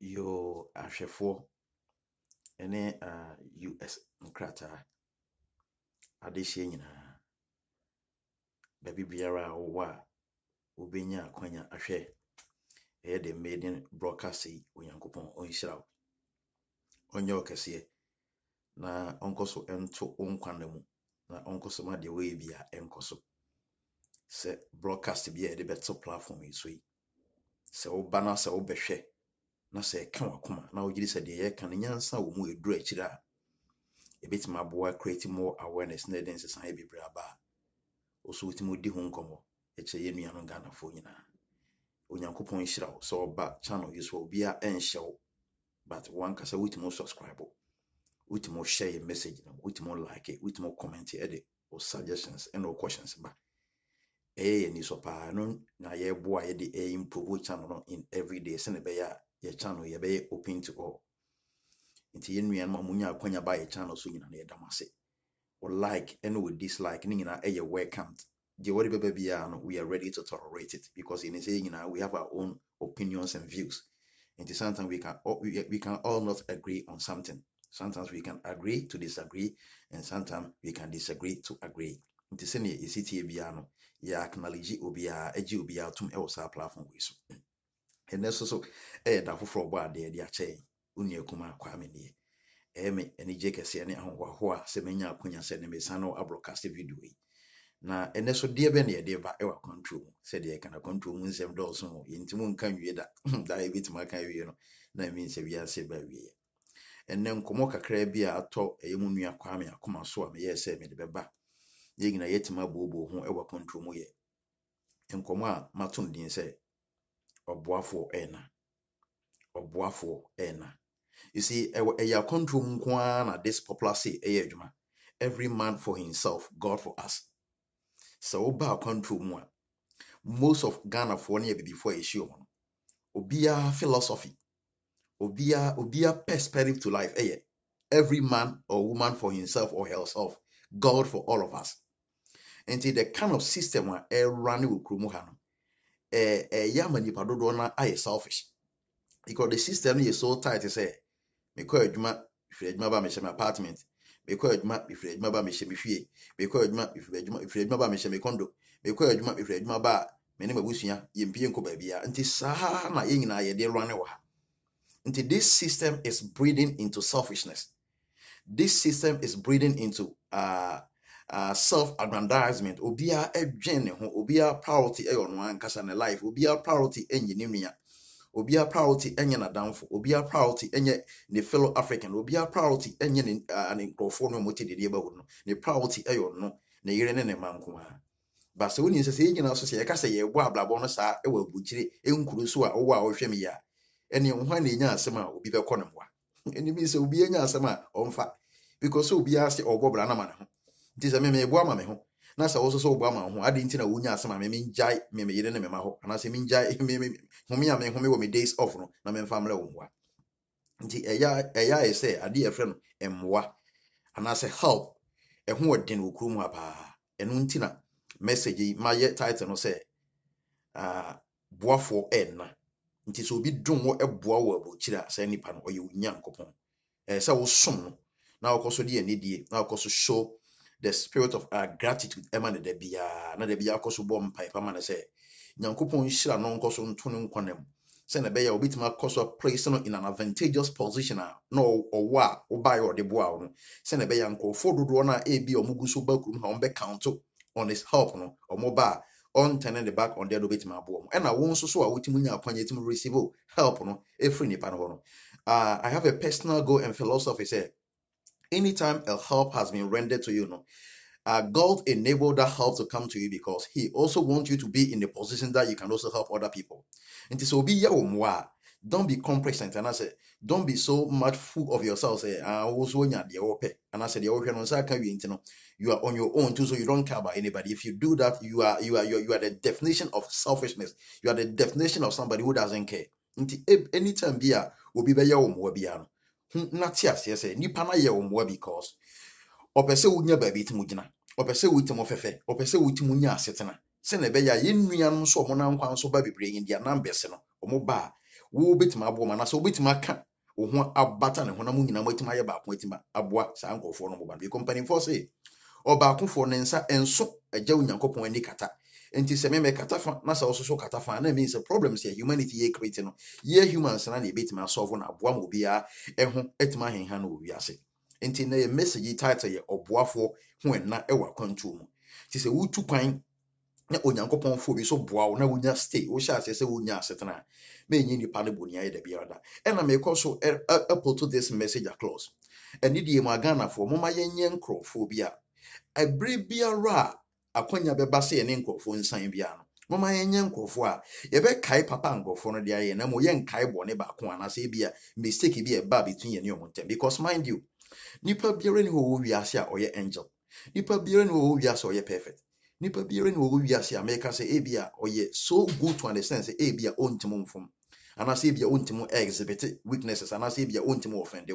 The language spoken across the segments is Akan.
yo ahwɛfoɔ ne ah, us nkrataa adehyeɛ nyinaa baabi biara a wowɔ a wobɛnya akwanya ahwɛ ɛyɛ de mmeden broadcast yi onyankopɔn ɔnhyira wo ɔnyɛ ɔkɛseɛ na ɔnkɔ so ɛnto wo nkwanna mu na ɔnkɔ so ma deɛ wɔyɛ bi a ɛnkɔ so sɛ broadcast bi a yɛde bɛto platform yi so yi sɛ woba no sɛ wobɛhwɛ na sɛ ɛka wakoma na wogyere sɛ deɛ yɛka no nyansa wɔ mu ɛduru akyiri a ɛbɛtumi aboa create more awareness na ɛde nsesa yɛ bebree aba a ɔso wotumi wodi ho nkɔmmɔ ɛkyerɛ yɛ nnuanom ghanafoɔ nyinaa onyankopɔn nhyira wo sɛ ɔba channel yi so a obia ɛnhyɛ wo but wankasa wotumi wo subscribe wotumi wo share yɛ message no wotumi wo like wotumi wo comment ɛde wo suggestions ɛne wo questions ba ɛyɛ yɛ nisɔ paa no na yɛboa yɛde ɛimprove channel no in every day sɛne ɛbɛyɛ a yɛ channel yɛbɛyɛ open to all nti yɛ nnuanom a munya akwanya ba yɛ channel so nyina no yɛda mo ase wo like ɛne wo dislike ne nyinaa ɛyɛ welcomed deɛ wɔde bɛba biara no we are ready to tolerate it because yɛne sɛ yɛ nyinaa we have our own opinions and views nti sometimes we can all, we can all not agree on something sometimes we can agree to disagree and sometimes we can disagree to agree nti sɛneɛ yɛsi tie biara no yɛ acknowledge obiara agye obiara tom ɛwɔ saa platform wei so ɛnɛ so so ɛyɛ da foforɔ bɔ adeɛ de akyɛ onua kuma akɔ ameneɛ ɛyɛ me anigye kɛseɛ ne a sɛ manya akonya sɛ ne mesane wɔ video yi na ɛnɛ so deɛ bɛ ne ba ɛwɔ akwantuo mu sɛdeɛ na mu nsɛm dɔɔso ho nka nwie da daa aka no na ɛmi wiase ba awieɛ ɛnɛ nkɔmmɔ kakra bi a atɔ ɛyɛ mu nua kwame akoma so a meyɛɛ sɛ mede bɛba ɔboafoɔ ɛna ɔboafoɔ ɛna you see ɛyɛ akɔntrom nko ara na this popular say ɛyɛ adwuma every man for himself god for us sɛ woba akɔntrom mu a most of ghanafoɔ no yɛ bibifoɔ a yɛhyia mu no philosophy obia obia perspective to life ɛyɛ every man or woman for himself or herself god for all of us nti the kind of system a ɛrane wɔ kurom ha no ɛyɛ ama nipa dodoɔ no ayɛ selfish because the system no yɛ so tight sɛ mekɔ adwuma mefiri adwuma ba mehyɛ me apartment mekɔ adwuma mefiri adwuma ba mehyɛ me fie mekɔ adwuma mefiri adwuma ba mehyɛ me condo mekɔ adwuma mefiri adwuma ba me ne mabusua yɛmpie nkɔ baabia nti saa na yɛn nyinaa yɛde rane wɔ ha nti this system is breeding into selfishness this system is breeding into uh, self aggrandizement obiara adwene ne ho obiara priority yɛ ɔno ankasa ne life obiara priority nye ne nua obiara priority nye n'adamfo obiara priority nyɛ ne fellow african obiara priority nye ne ne nkurɔfoɔ no a wɔte dedeɛ bɛhoro no ne priority yɛ ɔno ne yere ne ne mma nkoa basa wɔn nyinsa sɛ yɛn nyinaa so sɛ yɛka sɛ yɛbɔ abrabɔ no saa wɔ abukyire nkuru so a wɔwɔ a wɔhwɛ mu yia ɛnea wɔn na enya asɛm a obi bɛkɔ ne mmoa ɛnim sɛ obi enya asɛm a ɔmfa because obiara sɛ ɔbɔ nti sɛ meme ɛboa ma me ho na sɛ wo so sɛ woboa ma wo ho ade nti na wonya asɛm a me meme yere ne mema hɔ anaasɛ mengyae home a menhome wɔ me days off no na memfa mmerɛ wo mmoa nti ɛyɛ ayɛ sɛ adeɛ yɛfrɛ no mmoa anaasɛ help ɛho wɔ den wɔ kurom ha paa ɛno nti na message yi mayɛ title no sɛ ah, boafoɔ ɛnna nti sɛ obi dum wɔ ɛboa wɔ aburokyire a saa nipa no ɔyɛ onyankopɔn ɛɛ sɛ wosom no na wɔkɔ so de anidie na wɔkɔ so show the spirit of our uh, gratitude ɛma eh, eh, ne da biara na da biara akɔ so bɔ mpaeɛ pama ne sɛ nyankopɔn nhyira no nkɔ so nto ne nkɔ ne mu sɛnɛ bɛyɛ a wobɛtumi akɔ so place no in an advantageous position a na ɔwɔ a wobaeɛ ɔde boa wo no sɛnɛ bɛyɛ a nkurɔfoɔ dodoɔ no a ɛbi eh, a ɔmogu so ba kurom ha ɔmbɛkanto on his help no ɔmo ba a ɔntɛne ne back on deɛ no wobɛtumi aboɔ mu ɛna wo nso so a wotumi nya akwanya tumi receive help no ɛfiri nipa no hɔ no ah, i have a personal goal and philosophy sɛ Anytime a help has been rendered to you, you know, uh, God enabled that help to come to you because He also wants you to be in the position that you can also help other people. And so be don't be complacent and I say, don't be so much full of yourself. Say, I was the open, and I said, you are on your own too, so you don't care about anybody. If you do that, you are you are you are, the definition of selfishness. You are the definition of somebody who doesn't care. Anytime be a will be Hm, na te aseɛ sɛ nipa no ayɛ wɔn because ɔpɛ sɛ wonya baabi temo gyina ɔpɛ sɛ wotemo fɛfɛ ɔpɛ sɛ wotemo nya asetena sɛnea ɛbɛyɛ a yɛn nuanom nso ɔmo nan kwan ba bebree yi deɛ anan no ɔmo ba a wɔbɛtumi aboa ma anaasɛ wɔbɛtumi aka wɔn ho abata ne honam nyinaa wɔatumi ayɛ baako atumi aboa saa nkɔfoɔ no mo ba bi kɔmpanifoɔ sɛ ɔbaakofoɔ ne nsa nso agya onyankopɔn ani kata nti sɛ mɛmɛ kata fa na sɛ ɔsoso kata fa na mean sɛ problems yɛ humanity yɛ create no yɛ humans na na yɛbɛtumi asɔfo na aboa ma obiara ɛho ɛtumi ahenha na owi ase nti na yɛ message title yɛ ɔboafoɔ ho ɛna ɛwɔ akwantuo mu nti sɛ wotu kwan na onyankopɔn fo bi so boa wo na wonya stay wohyɛ aseɛ sɛ wonya asetena a mɛnyi nnipa no bɔni ayɛ da biara da ɛna meekɔ so apple to this message aclos ɛne deɛ mu aghanafoɔ moma yɛnyɛ nkurɔfoɔ bi a ɛberɛ biara a akwanya bɛba sɛ yɛne nkurɔfoɔ nsan bia no moma yɛnyɛ nkurɔfoɔ a yɛbɛkae papa nkurɔfoɔ no de ayɛ na mo yɛnkae bɔne baako anaasɛ bi mistake bi ɛba between yɛne ɔmo ntɛm because mind you nipa biara ne hɔ wɔ wiase a ɔyɛ angel nipa biara ne hɔ wɔ wiase a ɔyɛ perfect nipa biara ne hɔ wɔ wiase a mɛka sɛ ebi ɔyɛ so good to understand sɛ ebi a ɔntumi mfom anaasɛ ebi a ɔntumi exhibit weaknesses anaasɛ ebi a ɔntumi offend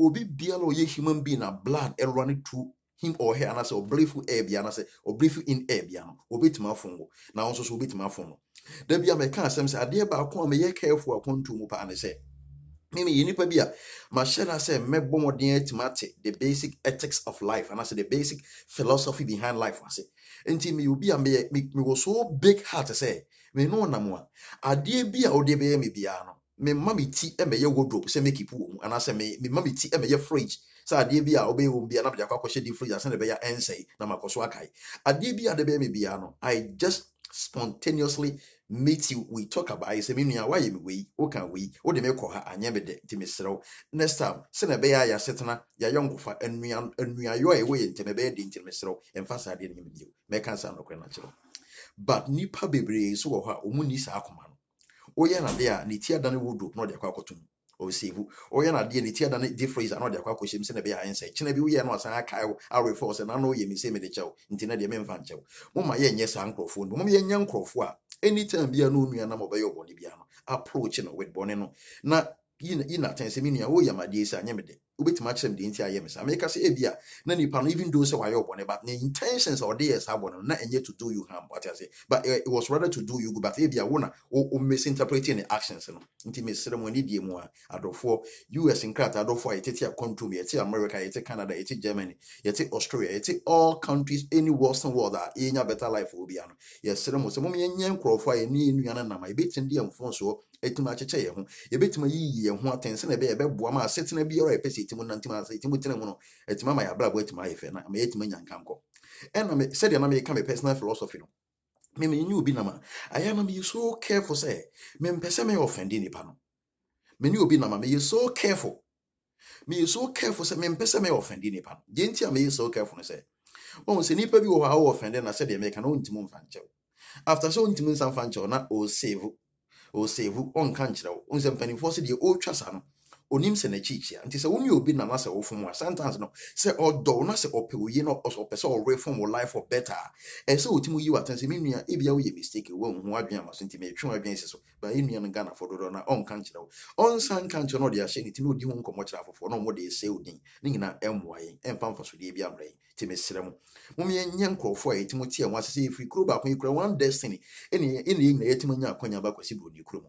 obi biara a ɔyɛ human being na blood ɛrora ne tu him or her anaasɛ ɔbrɛfo air bi anaasɛ ɔbrɛfo in air bi ano obetumi afon wo na wɔn nso so obetumi afon no dabi a mɛka asɛm sɛ adeɛ baako a mɛyɛ careful akɔntu mu paa ne sɛ mimi yɛ nipa bi a mahyɛ na sɛ mɛbɔ mɔden atumi ate the basic ethics of life anaasɛ the basic philosophy behind life ase nti mi obi a meyɛ mi wɔ so big heart sɛ mi no nam a adeɛ bi a ɔde bɛyɛ mi biara no mi ma mi ti ɛmɛyɛ e wardrobe sɛ mi kipu wɔm anaasɛ mi ma mami ti ɛmɛyɛ e fridge sɛ adeɛ bi a wobɛyɛ wɔ mu bia na mede akɔ akɔhyɛ di fridge asɛ ne bɛyɛ ɛnsɛe na makɔ so akae adeɛ bi a de bɛyɛ me biara no i just spontaneously meet you we talk about it sɛ me nua woayɛ me wei woka wei wode me kɔ ha anyɛ me dɛ nti mesrɛ wo next time sɛna ɛbɛyɛ a yɛasetena yɛayɛ nkɔfa anuayɔ a ɛwɔ yɛ ntɛm ɛbɛyɛ de nti mesrɛ wo ɛmfa saa adeɛ no nyɛ mebio mɛka saa nɔkorɛ no akyerɛ but nnipa bebree so wɔ hɔ a ɔmu nni saa akoma no woyɛ nade a ne ti adane wodrop na ɔde akɔ akɔtom ɔsɛvu ɔyɛ no adeɛ ne tia da no gye phrase ana ɔde akɔ akɔhyɛm sɛ na ɛbɛyɛ ayɛ nsɛ kyena bi woyɛ no asan akae wo awerɛfɛ wo sɛ na na woyɛ me sɛ mede kyɛw nti na deɛ memfa nkyɛw moma yɛnyɛ saa nkurɔfoɔ no moma yɛnyɛ nkurɔfoɔ a anytime bia no onua nam ɔbɛyɛ ɔbɔne bia no approach no with bɔne no na yi na atɛn sɛ me nua woyɛ amadeɛ sɛ anyɛ mede wobɛtumi akyerɛ m deɛ nti ayɛ me saa meka sɛ ebia na nipa no even though sɛ wayɛ ɔbɔne but ne intentions a ɔde yɛ saa bɔne no na ɛnyɛ to do you harm wate ase but uh, it was rather to do you good but ebia wo na wo misinterpreting ne actions no nti mesrɛ mu ani die mu a adɔfoɔ us nkrataa adɔfoɔ a yɛtete a control yɛte america yɛte canada yɛte germany yɛte australia yɛte all countries any western world a yɛnya better life wɔ bia no yɛsrɛ mu sɛ mom yɛnyɛ nkurɔfoɔ a yɛne yɛnnua no nam a yɛbɛtumi de yɛ mfonsoɔ ɛtumi akyekyɛ yɛn ho yɛbɛtumi ayiyi yɛn ho atɛn sɛnɛ ɛbɛyɛ ɛbɛboa ma asetena biara a yɛpɛ sɛ yɛtumi nantim ase yɛtumi tena mu no ɛtumi ama yɛabrabɔ atumi ayɛ fɛ na ama yɛatumi anya nkankɔ ɛna me sɛdeɛ na meyɛka me personal philosophy no memenye obi nam a ayɛ na meyɛ so careful sɛ mempɛ sɛ meyɛ ɔfɛnde nnipa no menye obi nam a meyɛ so careful meyɛ so careful sɛ mempɛ sɛ meyɛ ɔfɛnde nnipa no deɛ nti a meyɛ so careful no sɛ ɔhu sɛ nnipa bi wɔ hɔ a wɔwɔ ɔfɛnde na sɛdeɛ meka na ɔntumi mfa nkyɛw after sɛ ɔntumi nsa mfa nkyɛw na ɔsave ɔsɛvu ɔnka nkyerɛ wo ɔnsɛ mpanimfoɔ sɛ deɛ ɔretwa sa no onim sɛ n'akyikyia nti sɛ wone obi nam asɛ wofom a sometimes no sɛ ɔdɔ wo na sɛ ɔpɛ oye na ɔpɛ sɛ ɔrefom wo life for better a ɛsɛ wotumi yi watan sɛ me nua ebia woyɛ mistake woahu adwene ama so nti metwe adwene si so ba ɛnua no ghanafoɔ dodoɔ na ɔnka nkyerɛ wo ɔnsa nka nkyerɛ na ɔde ahyɛ ne ti na ɔdi ho nkɔmmɔ kyerɛ afoforɔ na ɔmɔde ɛsɛ wo din ne nyinaa ɛmmoa yɛn ɛmfa mfasodeɛ bi ammerɛ yɛn nti mesrɛ mo momeɛnyɛ nkurɔfoɔ a yɛtumi te a wɔasesɛ yɛfiri kuro nyina yɛtumi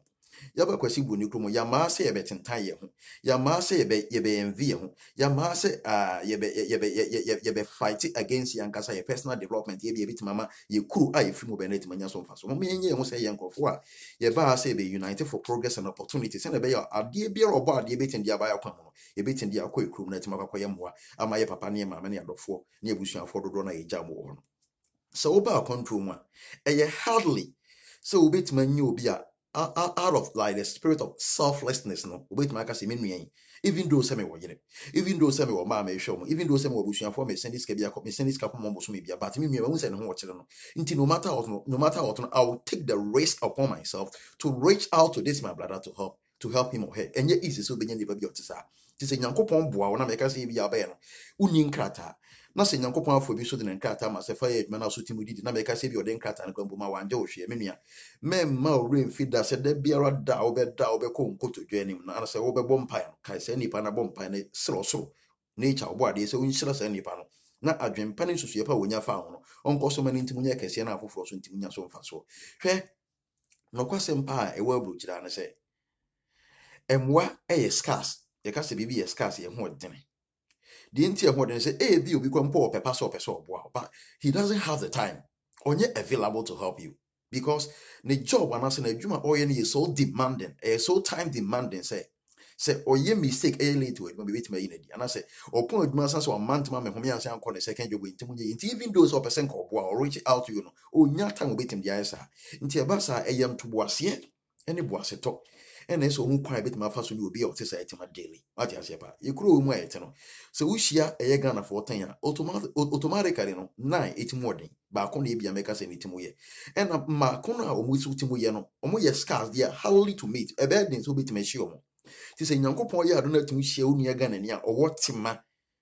yɛba kwasi bu ne kurom yɛmaa sɛ yɛbɛtentan yɛn ho yɛmaa sɛ yɛbɛ yɛbɛyɛnvi yɛn ho yɛmaa sɛ aa yɛbɛ yɛbɛ yɛbɛ yɛbɛ fight against yɛn kasa yɛ personal development yɛbi yɛbi tuma ma yɛ kuru a yɛfiri mu bɛn na yɛtuma nya so nfa so mo yɛn yɛ yɛn ho sɛ yɛn nkorɔfo a yɛbaa sɛ yɛbɛ unite for progress and opportunity sɛ na ɛbɛyɛ adeɛ biara ɔbɔ adeɛ bi tɛn de aba yɛ kwan mu no yɛbi tɛn de akɔ ekurom na yɛtuma akɔ yɛ mmoa ama yɛ papa ne yɛ maame ne yɛ adɔfoɔ ne yɛ busuafoɔ dodoɔ na yɛ gya mu wɔ hɔ no sɛ wobaa kɔntro mu a ɛyɛ hardly sɛ wobɛtuma nye obi a out of like the spirit of selflessness no wobɛtumi aka mean me nua even though sɛ mewɔ yere even though sɛ mewɔ maa show me, even though sɛ mewɔ busuafoɔ mesɛne sika bia mesɛne sika kɔmɔ mbɔso me bia but me nua mahu sɛ ne ho wɔkyerɛ no nti no matter what no matter what i will take the risk upon myself to reach out to this my brother to help to help him or her yet, easy so sɛ wobɛnya nnipa bi ɔte saa nti sɛ nyankopɔn boa wo na mɛka sɛ yɛ bi a wobɛyɛ no wonni na sɛ nyankopɔn afɔ bi so de ne nkrataa ma sɛ fa yɛ adwuma no so timi didi na mɛka sɛ bi ɔde nkrataa no kwambu ma wangye wo hwee me nua mɛmma ɔwerɛ mfi da sɛ da biara da wobɛda wobɛkɔ nkotodwa anim no ana sɛ wobɛbɔ mpae no kae saa nnipa no abɔ mpae no serɛ soro nature wobɔ adeɛ sɛ wonhyira saa nnipa no na adwempa ne nsusuɛ pa a wɔnya fa ho no ɔnkɔ so ma no ntim nyɛ kɛseɛ no afoforɔ so ntim nya so mfa soɔ hwɛ nɔkwasɛm pa a ɛwɔ aburokyira ne sɛ mmoa yɛ scars yɛka sɛ biribi yɛ scars yɛ ho ɔdene deɛ nti ɛho den sɛ ebi obi kɔ mpo ɔpɛpa sɛ ɔpɛ sɛ ɔboa but he doesn't have the time ɔnyɛ available to help you because ne job anaasɛ n'adwuma ɔyɛ no yɛ so demanding ɛyɛ so time demanding sɛ sɛ ɔyɛ mistake ɛyɛ late wɔ adwuma bi ebitumi ayi n'adi anaasɛ ɔpon adwuma san so amantoma mɛ homi asan kɔ ne second job ntɛmu nye nti even though sɛ ɔpɛ sɛ nkɔ ɔboa ɔreach out to you no onya time obetumi de ayɛ saa nti ɛba saa ɛyɛ ntoboaseɛ ɛne boasetɔ ɛna ɛsɛ ɔmo kwan a ɛbɛtumi afa so ne obi a ɔte saa ɛtema daily wate aseɛ paa yɛkuro wɔ mu a yɛte no sɛ wohyia ɛyɛ ghana fo ɔtɛn a automatically no nine ɛtumi ɔden baako na ebi a mɛka sɛ ne timu yɛ ɛna mmaako no a ɔmo timu yɛ no ɔmo yɛ scars deɛ hardly to meet ɛbɛyɛ den sɛ obetumi ahyia ɔmo te sɛ nyankopɔn yɛ ado na atumi hyia wo nua ghana ni a ɔwɔ tema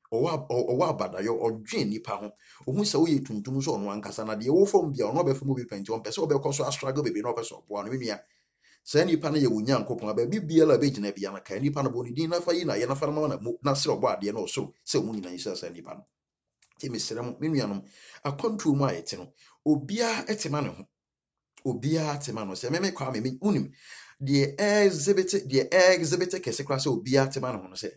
ɔwɔ abadayɔ ɔdwen nipa ho ohun sɛ woyɛ tuntum so ɔno ankasa na deɛ wɔfam bia ɔno ɔbɛfam obi pɛnti ɔmpɛ sɛ ɔbɛkɔ so astrago bebree na ɔpɛ sɛ ɔboa no menua saa nnipa no yɛ wɔ nyankopɔn baabi biara a bɛgyina bia no kae nnipa no bɔ ne din nafa yi na yɛ nafa no na mu na serɛ ɔbɔ adeɛ no ɔsoro sɛ mu nyina nhyira saa nnipa no nti mesrɛ mo me nuanom akɔntuo mu a yɛte no obiara tema ne ho obiara tema no sɛ meme kwaa meme wonim deɛ ɛɛzebete deɛ ɛɛzebete kɛse koraa sɛ obiara tema ne ho no sɛ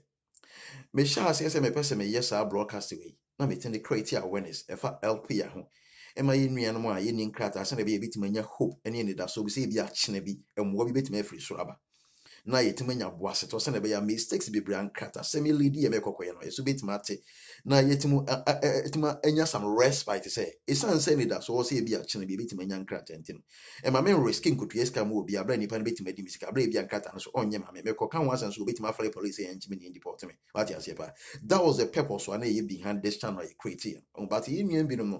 mehyɛ aseɛ sɛ mepɛ sɛ meyɛ saa broadcast wei na metene create awareness ɛfa lpa ho ɛma yɛ nnuanom a yɛni nkrataa sɛnɛ bɛyɛ bɛtumi anya hope ne anidasoɔ bi sɛ ebi akyena bi mmoa bi bɛtumi afiri soro aba na yɛtumi anya boasetɔ sɛnɛ bɛyɛ mistakes bebree ankrata mi yɛledi yɛ mɛkɔkɔyɛ no yɛso bɛtumi ate na yɛtumi ɛtumi anya some respite sɛ ɛsiane sɛ anidasoɔ sɛ ebi akyena bi bɛtumi anya nkrataa nti no ɛma me riske nkotua sika mu obi abera nipa no bɛtumi adi mi sika abera ebi ankrataa no so ɔnyɛ maame mɛkɔka me ati aseɛ pa that was the purpose wa na ɛyɛ behind this channel yɛ create yɛ oh, but yɛ nua binom no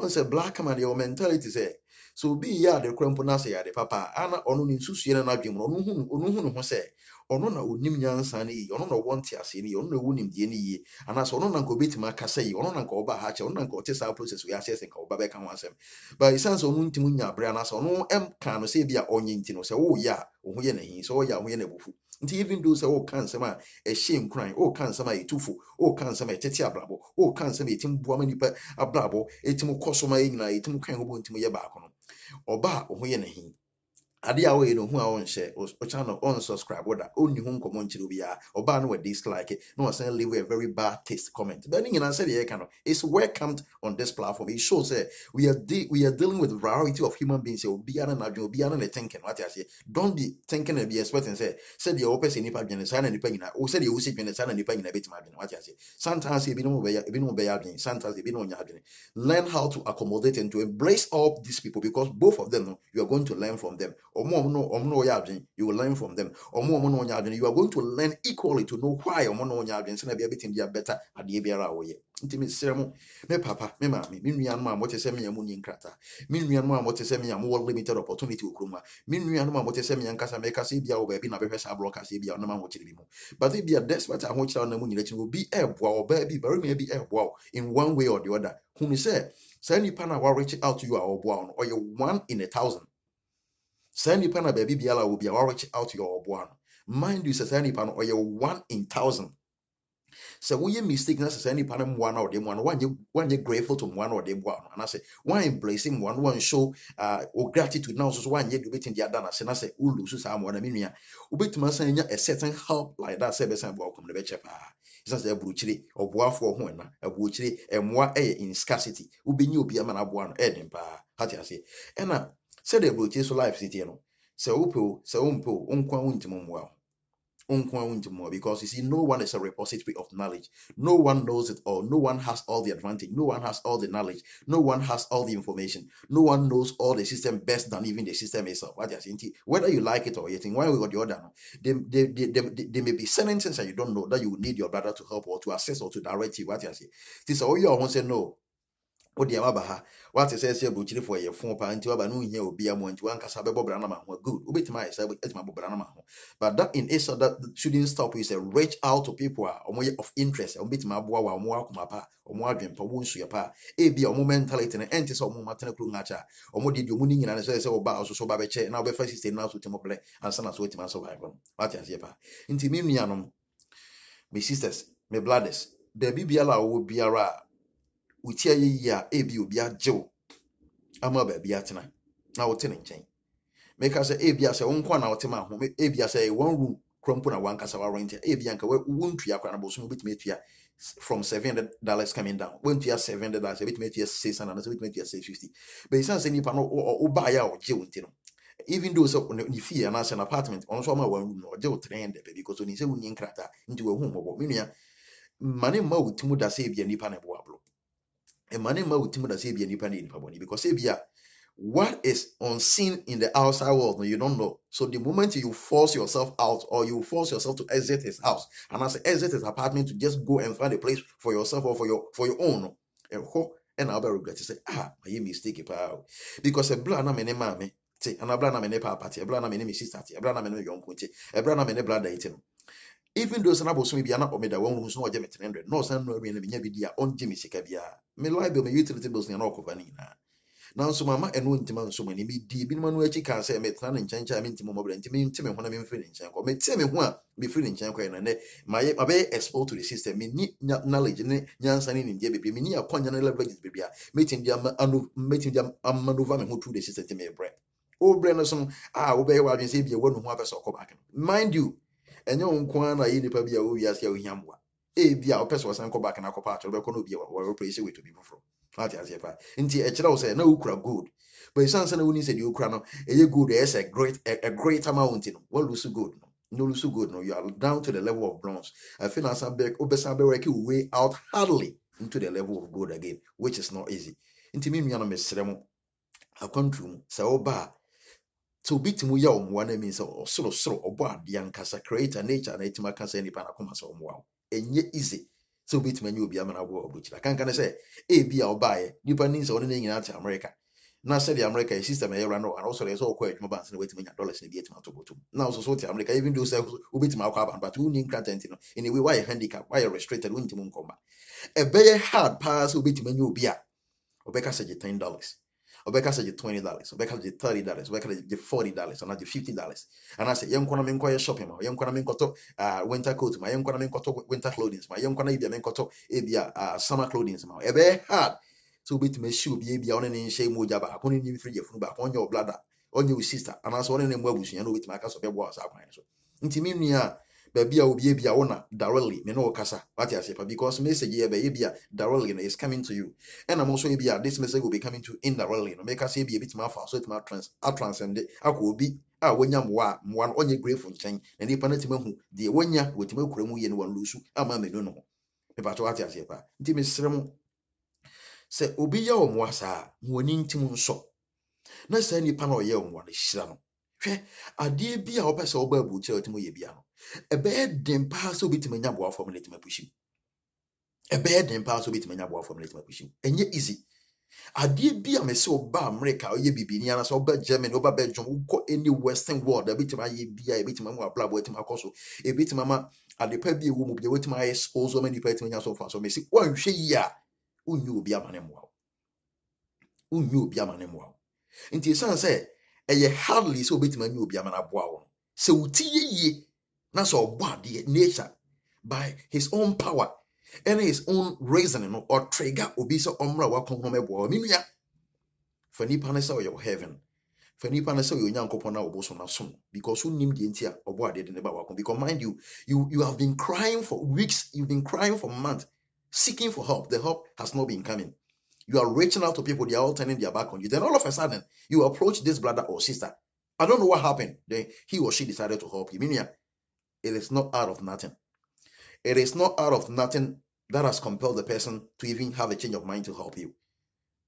ɔn oh, sɛ black man your mentality say, so be yɛ ade kora mpo n'asɛ yɛ ade papa ana ɔno ne nsusue na n'adwene mu ɔno hu ɔno hu ne ho sɛ ɔno na onim nyansa ne yie ɔno na ɔwɔ nte aseɛ ne yie ɔno na ɛwɔ nimdeɛ ne yie anaasɛ ɔno na nka obetumi akasa yie ɔno na nka ɔba ha kyɛ ɔno na nka ɔte saa process we aseɛ sɛ nka ɔba bɛka ho but esan sɛ ɔno ntumi nya abere anaasɛ ɔno ɛm kan no sɛ ebi a ɔnye nti no sɛ ɔwɔ oh, yɛ a ɔho yɛ n'ahin sɛ ɔyɛ a ɔho yɛ n'abufu nti even though sɛ ɔɔka nsɛm a ɛhyɛ nkuran ɔɔka nsɛm a ɛtufo ɔɔka nsɛm a ɛtete abrabɔ ɔɔka nsɛm a ɛtim boama nipa abrabɔ ɛtim kɔ so ma yɛ nyinaa ɛtim kan ho bɔ ntim yɛ baako no ɔbaa ɔho yɛ ne hin adeɛ a wɔyɛ no hu a ɔnhyɛ ɔkyɛn no unsubscribe wɔda ɔnni ho nkɔmɔ nkyerɛ obiara ɔbaa no wɔ dislike na wɔsan leave a very bad taste comment bɛɛ ne nyinaa sɛdeɛ yɛka no is welcomed on this platform it shows sɛ we are de we are dealing with variety of human beings obiara na adwene obiara na thinking wate aseɛ don't be thinking and be expecting sɛ sɛdeɛ wɔpɛ sɛ nipa dwene saa na nipa nyinaa o sɛdeɛ wɔsi dwene saa na nipa nyinaa bɛtumi adwene wate aseɛ sometimes ebinom bɛyɛ ebinom bɛyɛ adwene sometimes ebinom nyɛ adwene learn how to accommodate and to embrace all these people because both of them you are going to learn from them ọmụ ọmụ na ọmụ na ọyọ adwene you will learn from them ọmụ ọmụ na ọnyọ adwene you are going to learn equally to know why ọmụ na ọnyọ adwene sịna bịa bɛtumi bịa bɛta adeɛ biara a wɔyɛ nti me srɛ mo me papa me maame me nuanom a mɔte sɛ meya mu nyi nkrataa me nuanom a mɔte sɛ meya mowɔ limited opportunity wɔ kurom a me nuanom a mɔte sɛ meya nkasa mɛkasa bia wɔ baabi na bɛhwɛ saa borɔ kasa bia ɔnam ahokyere bi mu but ebia despite ahokyere a ɔnam nyina akyi no obi ɛɛboa ɔbaa bi barima bi ɛɛboa in one way or the other hunu sɛ saa nipa no a reach out to you a ɔboa wo no ɔyɛ one in a thousand saa nipa na baabi biara wɔ bi a out yɛ ɔboa no mind you sɛ saa nipa no ɔyɛ one in thousand sɛ woyɛ mistake na sɛ saa nipa no mmoa na ɔde mmoa no wanyɛ wanyɛ grateful to mmoa na ɔde mmoa no anaasɛ wan embrace mmoa no wanso ah, uh, o gratitude na nso so wanyɛ deɛ wobɛtumi de ada n'ase na sɛ wolu so saa mmoa no me nua wobɛtumi asan nya a certain help like that sɛ ɛbɛsan aboa ɔkɔm no bɛkyɛ paa ɛsan sɛ aburukyire ɔboafoɔ ho ɛna aburukyire mmoa ɛyɛ in scarcity wobɛnya obi ama no aboa no ɛyɛ den paa hate aseɛ ɛna sɛdeɛ aburokyire so life si teɛ no Say upo, say sɛ wompɛ o wonko a wontimi mmoa because you see no one is a repository of knowledge no one knows it all no one has all the advantage no one has all the knowledge no one has all the information no one knows all the system best than even the system itself whether you like it or you think why we got the order, they, they, they, they, they may be sentences that you don't know that you need your brother to help or to assist or to direct you what you see this all you want to say no wode ama ba ha wate sɛ sɛ aburokyirifoɔ yɛ fo paa nti waba ne wohia obia mu nti wankasa bɛbɔ bra nama ho good wobɛtumi ayɛ sɛ atumi abɔ bra nama ho but that in Asia, that shouldn't stop you sɛ reach out to people a ɔmoyɛ of interest a ɔmobɛtumi aboa wɔ a ɔmo akoma pa ɔmo adwen pa ɔmo nsua pa ebi a mentality no ɛnte sɛ ɔmo matena kuro ŋakya ɔmo de deɛ ɔmo ne nyinaa so ɔba bɛkyɛ na sisters me bladders baabi biara a wɔwɔ biara a wotia yi ya a ebi obi agye ama baabi atena na wote ne nkyɛn meka sɛ ebi asɛ wo nkɔ na wote ma ho ebi asɛ ɛyɛ one room na na wankasa warrant ebi anka wontua kora na bosom wobɛtumi atua from seven ya dollars coming down wontua seven hundred dollars wobɛtumi atua six na anasɛ wobɛtumi atua sɛ nipa no a ɔgye wo nti even though sɛ nso ama no wo because oni sɛ nkrata nti na ɛboa borɔ ɛma ne ma wo tim da sɛ ebia nipa ne nipa bɔne because ebia what is unseen in the outside world no you don't know so the moment you force yourself out or you force yourself to exit his house and as exit his apartment to just go and find a place for yourself or for your for your own ɛhɔ ɛna ɔbɛ regret sɛ ah mayɛ mistake paa o because ɛbla anam ɛne maame te ana ɛbla anam ɛne paapa te ɛbla anam ɛne mi sister, te ɛbla anam ɛne mi yɔnko te ɛbla anam ɛne blada yi te no even though sanabo sumi bi ana ɔmeda wɔn ho so na ɔgye mi three hundred nɔɔsa nnua mi na mi nya bi di a ɔngye mi sika biara me lie libel me utilitables ne ɛna ɔkɔba no nyinaa So mama ɛno ntima nso mu ani medi ebinom ano akyi kaa sɛ metena ne nkyɛn kyɛn a mentimi mmɔbrɛ nti mente me ho na memfiri ne nkyɛn kɔ metie me ho a mefiri ne nkyɛn kɔ yɛ nanɛ mayɛ mabɛyɛ export to the system menni knowledge ne nyansa ne nimdeɛ bebree menni akɔnya ne leverage bebree a metimi de ama ano metimi de ama nova me ho through the system ti mebrɛ wobrɛ no so no a wobɛyɛ w'adwene sɛ ebia wɔanu ho apɛ sɛ ɔkɔ baako mind you ɛnyɛ wo nko ara na yɛ nnipa bi a wɔwiase a wohia mmoa ebi a ɔpɛ sɛ ɔsan kɔ back na akɔpa atwere bɛkɔ na obi a wɔreplace wei to bi foforɔ ate aseɛ pa nti ɛkyerɛ wo sɛ na wokura gold but ɛsiane sɛ na woni sɛ deɛ wokura no ɛyɛ gold ɛyɛ sɛ great a great amount no wɔlose gold no no lose gold no you are down to the level of bronze afei na asan bɛ wobɛsan bɛwork your way out hardly into the level of gold again which is not easy nti me nua no mesrɛ mo akwantu mu sɛ woba a sɛ obi tumi yɛ ɔmmoa no mi sɛ ɔsorosoro ɔbɔ adeɛ ankasa creator nature na ɛtumi aka sɛ nnipa nakoma sɛ ɔmmoa wo ɛnyɛ easy sɛ wobɛtumi anyɛ obi ama no aboa ɔbɔkyira kanka ne sɛ ebi a ɔbaeɛ nipa ne sɛ ɔne ne nyinaa te america na sɛdeɛ america yɛ e, system ɛyɛ rano ana wosɔre sɛ wokɔ adwuma banse na woatumi anya dollars na bi atumi atobɔtom na wo so so wote america even do sɛ wobɛtumi akɔ aban but wonni nkratant no anyway woayɛ handicap woayɛ restricted wontimi nkɔmba ɛbɛyɛ hard paa sɛ wobɛtumi anya obi a ɔbɛka sɛ gye ten dollars ɔbɛka sɛ gye twenty dollars ɔbɛka sɛ gye thirty dollars ɔbɛka sɛ gye forty dollars anaa gye fifty dollars anaa sɛ yɛn nkɔnɔ mi nkɔ yɛ shopping ma yɛn nkɔnɔ mi nkɔtɔ winter coat ma yɛn nkɔnɔ mi nkɔtɔ winter clothing ma yɛn nkɔnɔ ebia mi nkɔtɔ ebia uh, summer clothing ma ɛbɛyɛ hard sɛ obetumi esi obi ebia ɔne ne nhyɛ mu ogya baako ne ne nfiri yɛ funu baako ɔnyɛ ɔblada ɔnyɛ osista anaa sɛ ɔne ne mu abusua na obetumi aka sɛ ɔbɛbɔ asa akwan so ntumi nua ah, baabi a obi ebia a na directly me no kasa what you say because message ye be ebia directly no is coming to you and i'm also a this message will be coming to indirectly no make us ebia bit ma fa so it ma trans a transcend akọ obi a wonya mwa mwa no onye grateful nchen na nipa na tima hu de wonya wotima kura mu ye no wan lusu ama me no no me pa to what you say pa ntimi srem sɛ obi yɛ wɔn wa saa wɔn ntim nsɔ na saa nipa na ɔyɛ wɔn wa no hyira no hwɛ adeɛ bi a ɔpɛ sɛ ɔbɔ aburukyerɛ ɔtumi yɛ bia no ɛbɛyɛ den paa sɛ obetumi anya aboafoɔ mu na etumi apusi mu ɛbɛyɛ den paa sɛ obetumi anya aboafoɔ mu na etumi apusi ɛnyɛ easy adeɛ bi a mɛsɛ ɔba america ɔyɛ bibini anasɛ ɔba germany ɔba belgium wokɔ any western world ɛbɛtumi ayɛ bia ɛbɛtumi amu abrabɔ ɛtumi akɔ so ɛbɛtumi ama adepa bi ɛwɔ mu bi ɛbɛtumi ayɛ sponsor ɔma nipa ɛtumi nya so nfa so mɛsi wɔnhwɛ yie a wonyi obi ama ne mmoa wo wonyi obi ama ne mmoa nti esan sɛ ɛyɛ hardly sɛ obɛtumi anyi obi ama no aboa wo sɛ wotie yie na so bad. nature by his own power and his own reasoning or trigger, obi Omra wa wakɔ hom ɛboa ɔme nua for nipa no sɛ ɔyɛ heaven For nipa no sɛ ɔyɛ onyankopɔn na wɔbɔ so no asom because who deɛ the a ɔbɔ adeɛ de ne ba wakɔ because mind you, you you have been crying for weeks you've been crying for months seeking for help the help has not been coming you are reaching out to people they are all turning their back on you then all of a sudden you approach this brother or sister i don't know what happened then he or she decided to help you meaning It is not out of nothing. It is not out of nothing that has compelled the person to even have a change of mind to help you.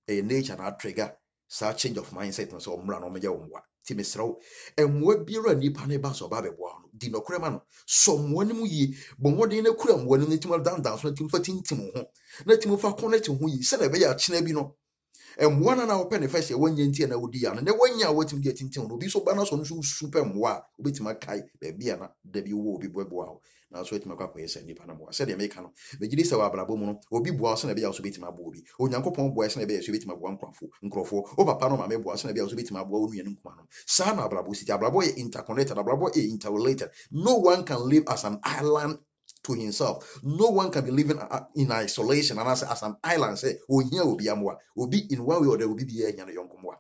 A nature na trigger such change of mindset no sɛ ɔmmra no ɔmɛyɛ wo mmoa nti mesrɛ wo mmoa biara nnipa no ba sɛ ɔba bɛboa no di nokorɛ ma no sɔ mmoa no mu yie bɔ mmɔden no kura mmoa no no timi dandan so no timi fa tintim ho na timi fa kɔnɛkye ho yi sɛdeɛ ɛbɛyɛ mmoa no na wopɛ ne fɛ hyɛ wɔnyɛ nti na wodi ano na wɔnyɛ a wɔtumi de atintim no obi so ba no so no so su pɛ mmoa a wobɛtumi akae baabi a na da bi wɔ obi boaboa wo nanso atumi akɔ akɔyɛ sɛ nnipa no mmoa sɛdeɛ meka no megyere sɛ wɔ abrabɔ mu no obi boa wo sɛna bɛyɛ wo so bɛtumi aboa obi onyankopɔn boa sɛna bɛyɛ so bɛtumi aboa nkurɔfoɔ nkurɔfoɔ wo papa no maame boa sɛna bɛyɛ wo so bɛtumi aboa wo nua no nkuma no saa na abrabɔ si ti abrabɔ yɛ interconnected abrabɔ yɛ interrelated no one can live as an island to himself. No one can be living uh, uh, in isolation and as, as an island say, we here will be we Will be in one way or there will be the yonkumwa.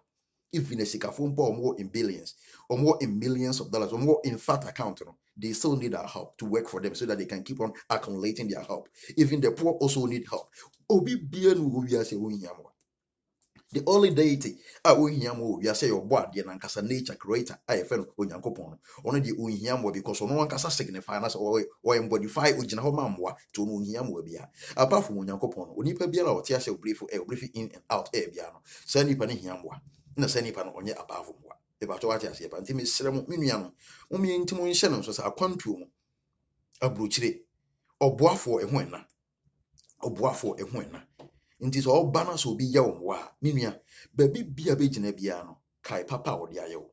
If in a sikafumpo or more in billions, or more in millions of dollars, or more in fat account, they still need our help to work for them so that they can keep on accumulating their help. Even the poor also need help. Obi will be as the only deity a ohia ma wiase yɛ ɔbɔ adeɛ na nkasa nature creator a yɛfɛ no onyankopɔn no ɔno deɛ ohia mmoa because ɔno ankasa signify na sɛ ɔyɛ mbɔdify ogyina hɔ ma mmoa nti ɔno ohia mmoa bia apart from onyankopɔn no onipa biara a ɔte ahyɛ obrefo ɛ eh, obrefo in and out ɛyɛ eh, bia no saa nipa no hia mmoa na saa nipa no ɔnyɛ abaafo mmoa ebatɔ wate aseɛ nti mesrɛ mo me nua no nti mo nhyɛ no nso sɛ akwantuo nti sɛ ɔba no sɛ obi yɛ wo mmoa a me nua baabi bia bɛgyina biara no kae papa a wɔde ayɛ wo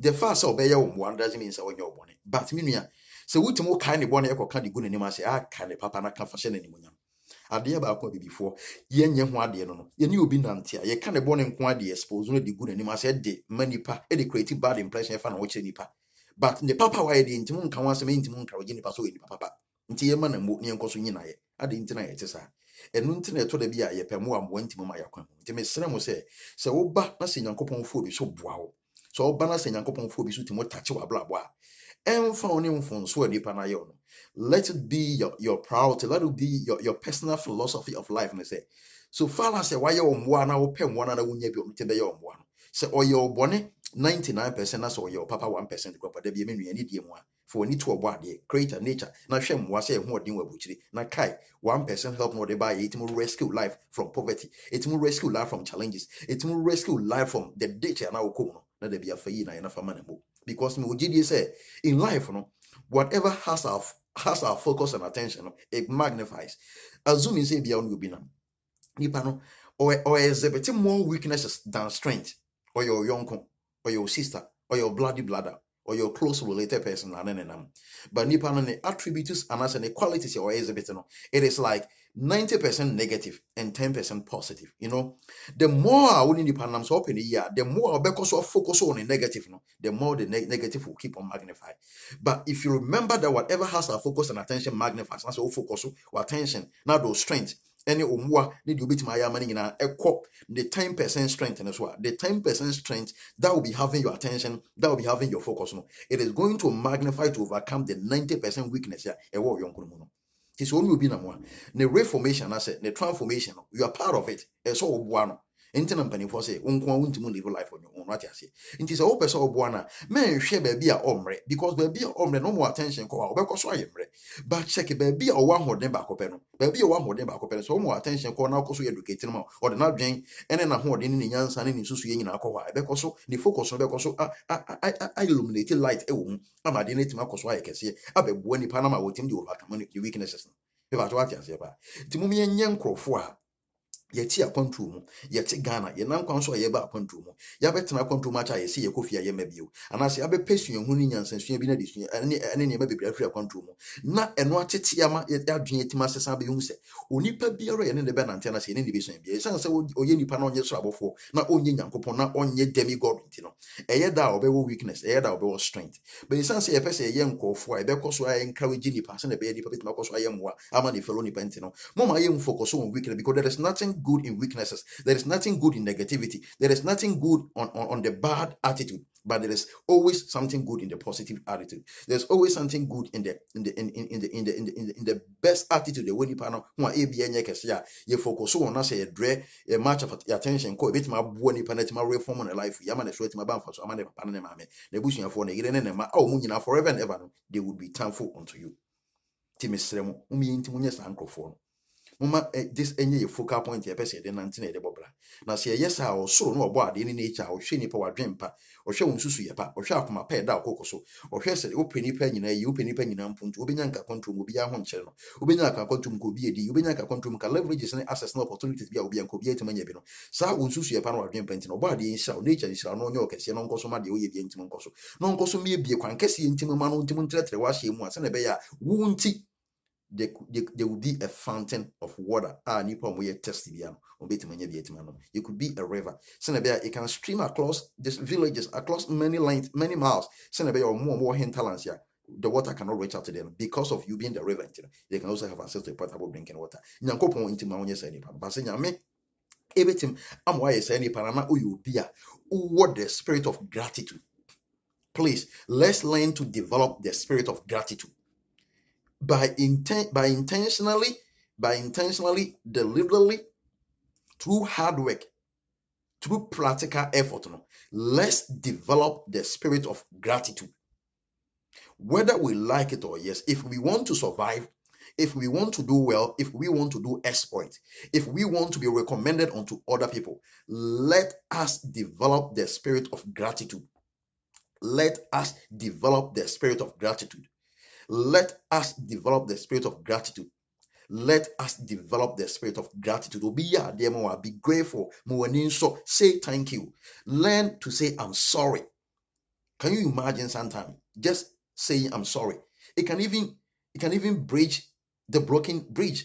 the fact sɛ ɔbɛyɛ wo mmoa no doesn't mean sɛ wɔnyɛ wo bɔne but me nua sɛ wotumi wokae ne bɔne ɛkɔka de gu n'anim ase ah, aka ne papa no ka fa hyɛ n'animonyam adeɛ baako a bibifoɔ yɛnyɛ ho adeɛ no no yɛne obi nante a yɛka ne bɔne nko adeɛ expose no de gu n'anim ase de ma nipa de create bad impression ɛfa na wɔkyerɛ nipa but ne papa wayɛ deɛ ntimi nka ho asɛm ɛntimi nka wɔgye nipa sɛ ɔyɛ nipa papa nti yɛma na mmo ne yɛnkɔ so nyinayɛ adeɛ nti na yɛte saa ɛno nti na ɛtɔ da bi a yɛpɛ mmoa mmoa ntimi ma yɛakwan ho nti mesrɛ mo sɛ sɛ woba na sɛ nyankopɔn foɔ bi so boa wo sɛ woba na sɛ nyankopɔn foɔ bi so tumi takye w'abrabɔ a ɛmfa wo ne mfonso a nipa no ayɛ no let it be your, your priority let it be your, your personal philosophy of life ne sɛ so far as wayɛ wɔ mmoa na wopɛ mmoa no na wonya bi ɔno te bɛyɛ wɔ mmoa no sɛ ɔyɛ ɔbɔne nine percent na sɛ ɔyɛ ɔpapa one percent kɔpɔ da bi ɛmɛ nuani deɛ mu a for oni to ɔbɔ adeɛ creator nature na hwɛ mmoa sɛ ɛho ɔden wɔ abukyire na kai one person help na ɔde ba yɛ etimi rescue life from poverty etimi rescue life from challenges etimi rescue life from the ditch ana okɔ mu no na dabi afa yi na yɛn afa ma ne mo because mi o gye die sɛ in life no whatever has our has our focus and attention it magnifies assuming sɛ ebi a ɔno obi nam nipa no ɔyɛ ɔyɛ exhibit more weaknesses than strength ɔyɛ ɔyɔnko ɔyɛ ɔsista ɔyɛ ɔbloody bladder. Or your close related person na ne but nipa no ne attributes anaasɛ ne qualities a ɔyɛ exhibit no it is like 90% negative and 10% positive you know the more I wone nipa nam so open ne yie the more I ɔbɛkɔ so afocus on the negative no the more the ne negative will keep on magnify but if you remember that whatever has our focus and attention magnifies na sɛ wofocus so attention Now those strengths ne ɔmmoa ne deɛ wobɛtumi ayɛ ama no nyinaa ɛkɔ the 10 percent strength no so a the 10 percent strength that will be having your attention that will be having your focus no it is going to magnify to overcome the 90 percent weakness a ɛwɔ ɔyɔnkono mu no nti sɛ ɔne obi nam a ne reformation anasɛ ne transformation no you are part of it ɛsɛ ɔboa no nti na mpanimfoɔ sɛ wo nko live life on your own wate aseɛ nti sɛ wopɛ sɛ woboa no a menhwɛ baabi a ɔmmerɛ because baabi a ɔmmerɛ no mɔ attention kɔ a wobɛkɔ so ayɛ mmerɛ but check baabi a ɔwɔ ahoɔden baakɔpɛ no baabi a ɔwɔ ahoɔden baakɔpɛ no sɛ womɔ attention kɔ na wokɔ so yɛ educate no ma ɔde n'adwen ne n'ahoɔden ne ne nyansa ne ne nsusuyɛ nyinaa kɔ hɔ a ɛbɛkɔ so ne focus no bɛkɔ so a a illuminate light wɔ mu ama adeɛ no atumi akɔ so ayɛ kɛseɛ abɛboa nnipa no ma wɔtumi de overcome ne weaknesses no bɛbɛato wate aseɛ paa nti mom yɛnyɛ nkurɔfoɔ a yɛte akwantuo mu yɛte ghana yɛnam kwan so a yɛba akwantuo mu yɛabɛtena akwantuo mu akyɛ a yɛsi yɛkɔ fie a yɛma bio anaasɛ yɛabɛpɛ suahu ne nyansasua bi na de sua ne ne nneɛma bebree afiri akwantuo mu na ɛno atete ama yɛadwene yɛtim asesa bɛhu sɛ onipa biara yɛne ne bɛnante anaasɛ yɛne ne bɛsua bia ɛsiane sɛ ɔyɛ nipa na ɔnyɛ soro abɔfoɔ na ɔnyɛ nyankopɔn na ɔnyɛ god nti no ɛyɛ da a ɔbɛwɔ weakness ɛyɛ da a ɔbɛwɔ strength but ɛsiane sɛ yɛpɛ sɛ yɛyɛ nkɔɔfoɔ a yɛbɛkɔ so a yɛnkra wogye nipa sɛ na ɛbɛyɛ nipa bɛtumi akɔ so ayɛ mmoa ama ne fellow nipa nti no moma yɛmfocus on weakness because there is nothing good in weaknesses. There is nothing good in negativity. There is nothing good on, on, on the bad attitude but there is always something good in the positive attitude. There's always something good in the in the in, in, in the in the in the in the, best attitude. The way you pano who are ABN Yakesia, you focus on us a dre a match of your attention, call a bit my bonny panet my reform on a life. Yaman is my bank for so I'm a panamame, the bush your phone. the giren and my oh munina forever and ever. They would be thankful unto you. Timisremo, umi intimunyas uncle phone. moma eh, this ɛnyɛ yɛ focal point yɛpɛ sɛ yɛde nante na yɛde bɔ bra na sɛ yɛyɛ saa ɔsoro no ɔbɔ adeɛ ne nature a ɔhwɛ nipa wadwen pa ɔhwɛ wɔn susu yɛ pa ɔhwɛ akoma pa ɛda akoko so ɔhwɛ sɛ wopɛ nipa nyinaa yi wopɛ nipa nyinaa mpuntu wobɛnya nka kɔntom obi aho nkyerɛ no wobɛnya nka kɔntom ka obi edi wobɛnya nka kɔntom ka leverages ne access ne opportunities bi a obi anka obi atuma nya bi no saa wɔn susu yɛ pa na wadwen pa nti na ɔbɔ adeɛ nhyira no ɔnyɛ ɔkɛseɛ na ɔnkɔ so ma deɛ woyɛ bia ntim nkɔ so na ɔnkɔ so mie bie kwan kɛseɛ ntim ma no ntim ntrɛtrɛ wahyɛ mu a sɛnɛ ɛbɛyɛ there, there, there will be a fountain of water. Ah, nipa mo ye testy biam. Obetuma nye bietima no. It could be a river. Senebea, it can stream across these villages, across many lengths, many miles. Senebea, or more more hinterlands here. The water cannot reach out to them because of you being the river. they can also have access to potable drinking water. Nyankopon intima onye se nipa. But se nyame i am why any nipa na oyo bia. What the spirit of gratitude. Please, let's learn to develop the spirit of gratitude by intent by intentionally by intentionally deliberately through hard work through practical effort let's develop the spirit of gratitude whether we like it or yes if we want to survive if we want to do well if we want to do exploit if we want to be recommended unto other people let us develop the spirit of gratitude let us develop the spirit of gratitude let us develop the spirit of gratitude. Let us develop the spirit of gratitude. Be grateful. Say thank you. Learn to say, I'm sorry. Can you imagine sometimes just saying, I'm sorry? It can even it can even bridge the broken bridge.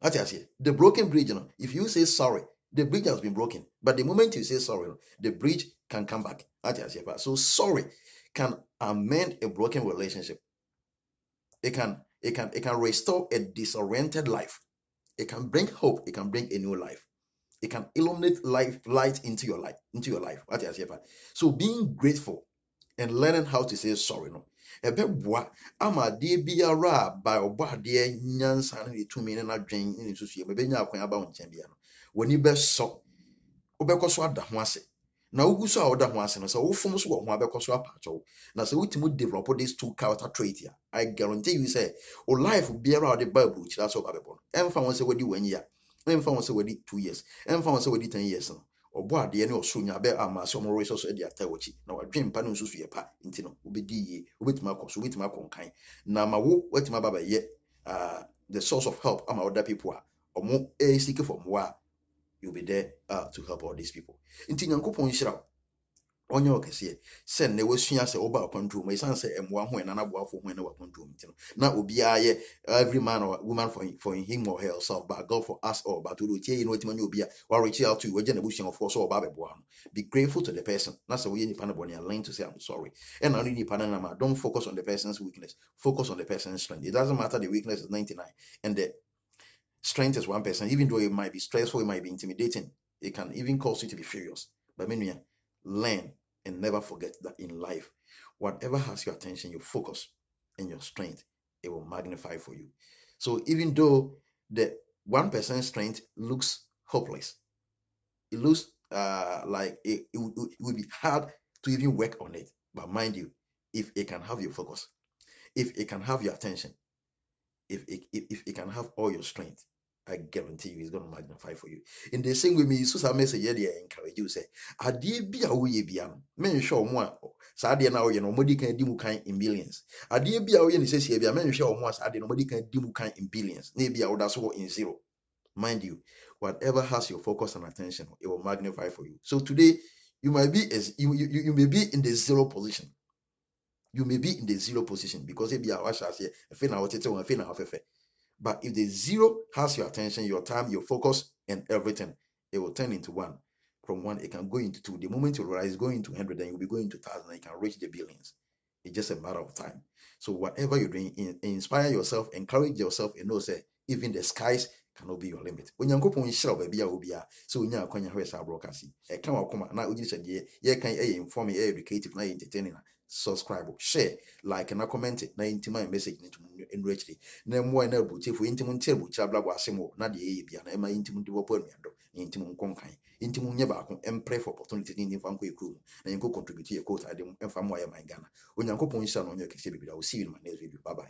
The broken bridge, you know, if you say sorry, the bridge has been broken. But the moment you say sorry, the bridge can come back. So sorry can amend a broken relationship. It can it can it can restore a disoriented life. It can bring hope. It can bring a new life. It can illuminate life light into your life into your life. So being grateful and learning how to say sorry no. ɛbɛboa ama adeɛ biara a ba ɔbɔ adeɛ nyansa no ne tumi ne n'adwen ne ne susue mu ɛbɛnya akwan aba wo nkyɛn bia no w'ani bɛsɔ wobɛkɔ so ada ho ase na wogu so a woda ho ase no sɛ wofom so wɔ ho abɛkɔ so apaakyɛ na sɛ wotumi develop these two character trait a i guarantee you sɛ wo life biara a wode ba aburukyira sɛ wobabɛbɔ no ɛmfa ho sɛ wadi one year ɛmfa ho sɛ wadi two years ɛmfa ho sɛ wadi ten years no ɔbɔ adeɛ ne ɔso nya bɛ ama sɛ ɔmo resɔ ɛde ata wɔkyi na wadwe mpa no nsusu yɛ pa nti no wobɛdi yie wobɛtumi akɔ so wobɛtumi akɔ nkan na ma wo watumi aba bɛyɛ ah, the source of help ama other people a ɔmo ɛsike fɔ mmoa a you'll be there uh, to help all these people nti nyankopɔn nhyira ɔnyɛ ɔkɛseɛ Se ne wasua sɛ woba akwantuo mu ɛsiane se mmoa ho ɛna naboafoɔ ho ɛna wakwantuo mu nti no na obiara yɛ every man or woman for, for him or herself but god for us all but wode otie yi na watumi obi a out to wagya n'abusuafoɔ sɛ of course oba be grateful to the person na se woyɛ nnipa no bɔne align to say i'm sorry and no ni no nam don't focus on the person's weakness focus on the person's strength it doesn't matter the weakness is 99 and the Strength is one person, even though it might be stressful, it might be intimidating, it can even cause you to be furious. But meanwhile, learn and never forget that in life, whatever has your attention, your focus, and your strength, it will magnify for you. So even though the one percent strength looks hopeless, it looks uh, like it, it, it would be hard to even work on it. But mind you, if it can have your focus, if it can have your attention, if it, if it can have all your strength, I guarantee you, he's going to magnify for you. In the same way, me Jesus I message here, they encourage you say, "Adeɛ bi a woyɛ bi ano, menhwɛ ɔmo a oh, saa na woyɛ no, ɔmo di kan di mu kan in billions. Adeɛ bi a woyɛ ne sɛsie bi a menhwɛ ɔmo a saa no, ɔmo di kan di mu kan in billions. Na ebi a ɔda so in zero. Mind you, whatever has your focus and attention, it will magnify for you. So today, you might be as you you, you may be in the zero position. You may be in the zero position because ebi a wahyɛ aseɛ, efe na wɔtete wɔn, efe na wɔfɛfɛ. But if the zero has your attention, your time, your focus, and everything, it will turn into one. From one, it can go into two. The moment you realize going to 100, then you'll be going to 1,000, you can reach the billions. It's just a matter of time. So, whatever you're doing, in, inspire yourself, encourage yourself, and know that even the skies cannot be your limit. When you're going to baby, I will be So, when you're going to broadcast, I come up come out. Now, you said, yeah, yeah, can you inform me, educative, now entertaining. subscribe share like na comment na ntima message ne tumu nru akyire na mmoa na abutiefo ntimu ntɛbu kyerɛ ablabɔ asɛm o na deɛ ɛyɛ bia na ɛma ntimu de wɔpɔ anuadɔ na ntimu nkɔnkan ntimu nyɛ baako pray for opportunity ne nifa nkɔ ekuro na yɛnkɔ contribute yɛ kóòtù ade mu mfa mmoa yɛ man ghana onyankopɔn nhyira na ɔnyɛ kɛseɛ bebree a osi yi no ma next video bye bye.